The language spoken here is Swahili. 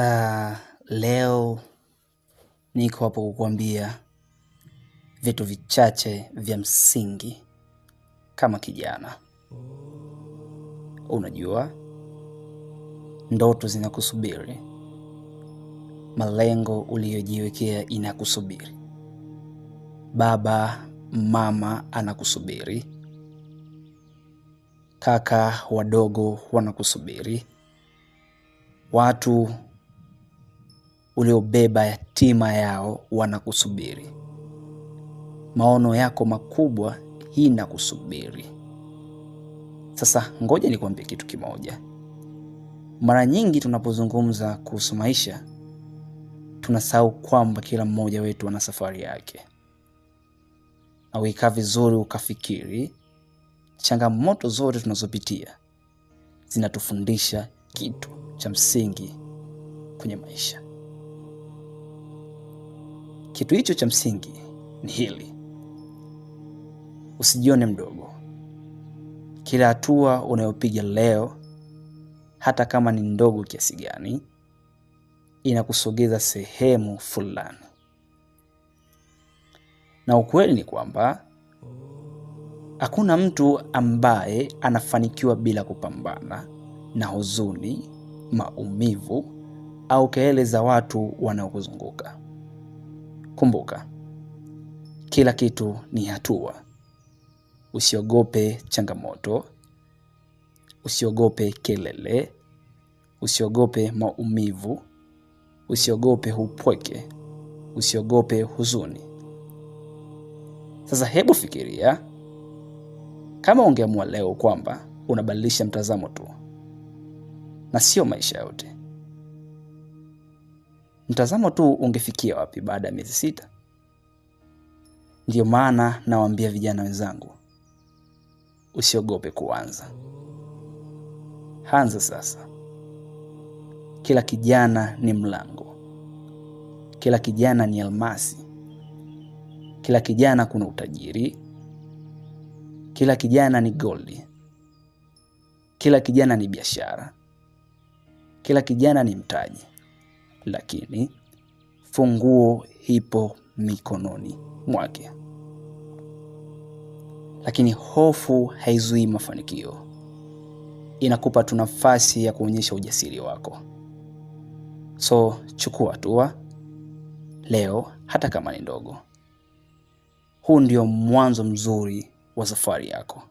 Ah, leo niko hapo kukuambia vitu vichache vya msingi kama kijana. Unajua, ndoto zinakusubiri, malengo uliyojiwekea inakusubiri, baba mama anakusubiri, kaka wadogo wanakusubiri, watu uliobeba yatima yao wanakusubiri. Maono yako makubwa inakusubiri. Sasa ngoja nikwambie kitu kimoja. Mara nyingi tunapozungumza kuhusu maisha, tunasahau kwamba kila mmoja wetu ana safari yake. Na uikaa vizuri ukafikiri, changamoto zote tunazopitia zinatufundisha kitu cha msingi kwenye maisha. Kitu hicho cha msingi ni hili: usijione mdogo. Kila hatua unayopiga leo, hata kama ni ndogo kiasi gani, inakusogeza sehemu fulani, na ukweli ni kwamba hakuna mtu ambaye anafanikiwa bila kupambana na huzuni, maumivu au kelele za watu wanaokuzunguka. Kumbuka, kila kitu ni hatua. Usiogope changamoto, usiogope kelele, usiogope maumivu, usiogope upweke, usiogope huzuni. Sasa hebu fikiria kama ungeamua leo kwamba unabadilisha mtazamo tu na sio maisha yote mtazamo tu ungefikia wapi baada ya miezi sita? Ndiyo maana nawaambia vijana wenzangu, usiogope kuanza. hanza sasa. Kila kijana ni mlango, kila kijana ni almasi, kila kijana kuna utajiri, kila kijana ni goldi, kila kijana ni biashara, kila kijana ni mtaji lakini funguo ipo mikononi mwake. Lakini hofu haizuii mafanikio, inakupa tu nafasi ya kuonyesha ujasiri wako. So chukua hatua leo, hata kama ni ndogo. Huu ndio mwanzo mzuri wa safari yako.